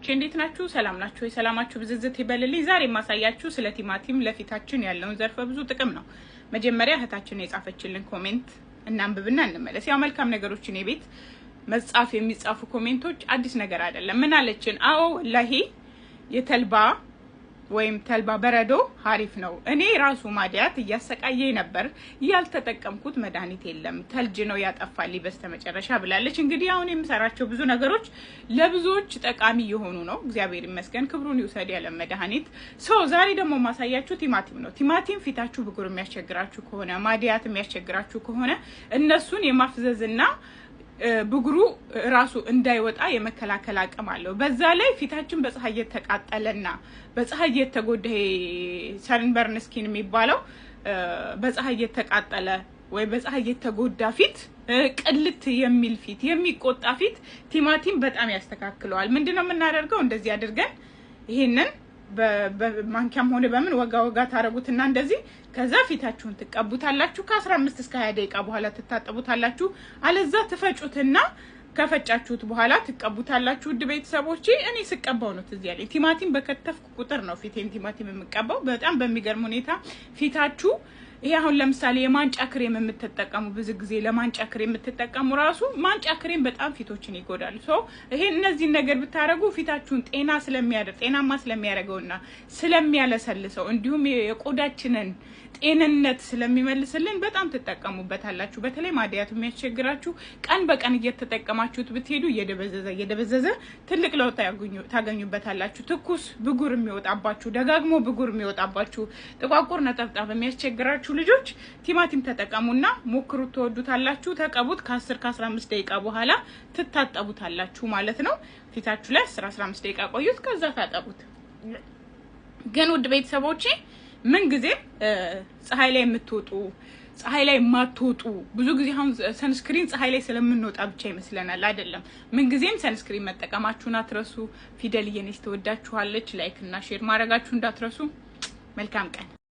ቤተሰቦቼ እንዴት ናችሁ? ሰላም ናችሁ? የሰላማችሁ ብዝዝት ይበልልኝ። ዛሬ የማሳያችሁ ስለ ቲማቲም ለፊታችን ያለውን ዘርፈ ብዙ ጥቅም ነው። መጀመሪያ እህታችን የጻፈችልን ኮሜንት እናንብብና እንመለስ። ያው መልካም ነገሮች እኔ ቤት መጻፍ የሚጻፉ ኮሜንቶች አዲስ ነገር አይደለም። ምን አለችን? አዎ ወላሂ የተልባ ወይም ተልባ በረዶ ሀሪፍ ነው። እኔ ራሱ ማድያት እያሰቃየኝ ነበር፣ ያልተጠቀምኩት መድኃኒት የለም ተልጅ ነው ያጠፋልኝ በስተመጨረሻ ብላለች። እንግዲህ አሁን የምሰራቸው ብዙ ነገሮች ለብዙዎች ጠቃሚ የሆኑ ነው። እግዚአብሔር ይመስገን፣ ክብሩን ይውሰድ ያለ መድኃኒት ሰው። ዛሬ ደግሞ ማሳያችሁ ቲማቲም ነው። ቲማቲም ፊታችሁ ብጉር የሚያስቸግራችሁ ከሆነ ማድያት የሚያስቸግራችሁ ከሆነ እነሱን የማፍዘዝና ብጉሩ ራሱ እንዳይወጣ የመከላከል አቅም አለው። በዛ ላይ ፊታችን በፀሐይ የተቃጠለና በፀሐይ የተጎዳ ሰንበርን ስኪን የሚባለው በፀሐይ የተቃጠለ ወይ በፀሐይ የተጎዳ ፊት ቅልት የሚል ፊት የሚቆጣ ፊት ቲማቲም በጣም ያስተካክለዋል። ምንድነው የምናደርገው? እንደዚህ አድርገን ይሄንን በማንኪያም ሆነ በምን ወጋ ወጋ ታደረጉትና እንደዚህ ከዛ ፊታችሁን ትቀቡታላችሁ ከአስራ አምስት እስከ ሀያ ደቂቃ በኋላ ትታጠቡታላችሁ። አለዛ ትፈጩትና ከፈጫችሁት በኋላ ትቀቡታላችሁ። ውድ ቤተሰቦች እኔ ስቀባው ነው ትዝ ያለኝ። ቲማቲም በከተፍኩ ቁጥር ነው ፊቴን ቲማቲም የምቀባው። በጣም በሚገርም ሁኔታ ፊታችሁ ይሄ አሁን ለምሳሌ የማንጫ ክሬም የምትጠቀሙ ብዙ ጊዜ ለማንጫ ክሬም የምትጠቀሙ ራሱ ማንጫ ክሬም በጣም ፊቶችን ይጎዳል። ሶ ይሄ እነዚህን ነገር ብታደረጉ ፊታችሁን ጤና ስለሚያደር ጤናማ ስለሚያደርገውና ስለሚያለሰልሰው እንዲሁም የቆዳችንን ጤንነት ስለሚመልስልን በጣም ትጠቀሙበታላችሁ። በተለይ ማዲያት የሚያስቸግራችሁ ቀን በቀን እየተጠቀማችሁት ብትሄዱ እየደበዘዘ እየደበዘዘ ትልቅ ለውጥ ታገኙበታላችሁ። ትኩስ ብጉር የሚወጣባችሁ፣ ደጋግሞ ብጉር የሚወጣባችሁ፣ ጥቋቁር ነጠብጣብ የሚያስቸግራችሁ ያላችሁ ልጆች ቲማቲም ተጠቀሙና ሞክሩት። ትወዱታላችሁ። ተቀቡት። ከ10 ከ15 ደቂቃ በኋላ ትታጠቡታላችሁ ማለት ነው። ፊታችሁ ላይ 10 15 ደቂቃ ቆዩት፣ ከዛ ታጠቡት። ግን ውድ ቤተሰቦቼ ምን ጊዜ ፀሐይ ላይ የምትወጡ ፀሐይ ላይ ማትወጡ ብዙ ጊዜ አሁን ሰንስክሪን ፀሐይ ላይ ስለምንወጣ ብቻ ይመስለናል። አይደለም። ምንጊዜም ሰንስክሪን መጠቀማችሁን አትረሱ። ፊደልዬ ነች፣ ትወዳችኋለች። ላይክ እና ሼር ማድረጋችሁ እንዳትረሱ። መልካም ቀን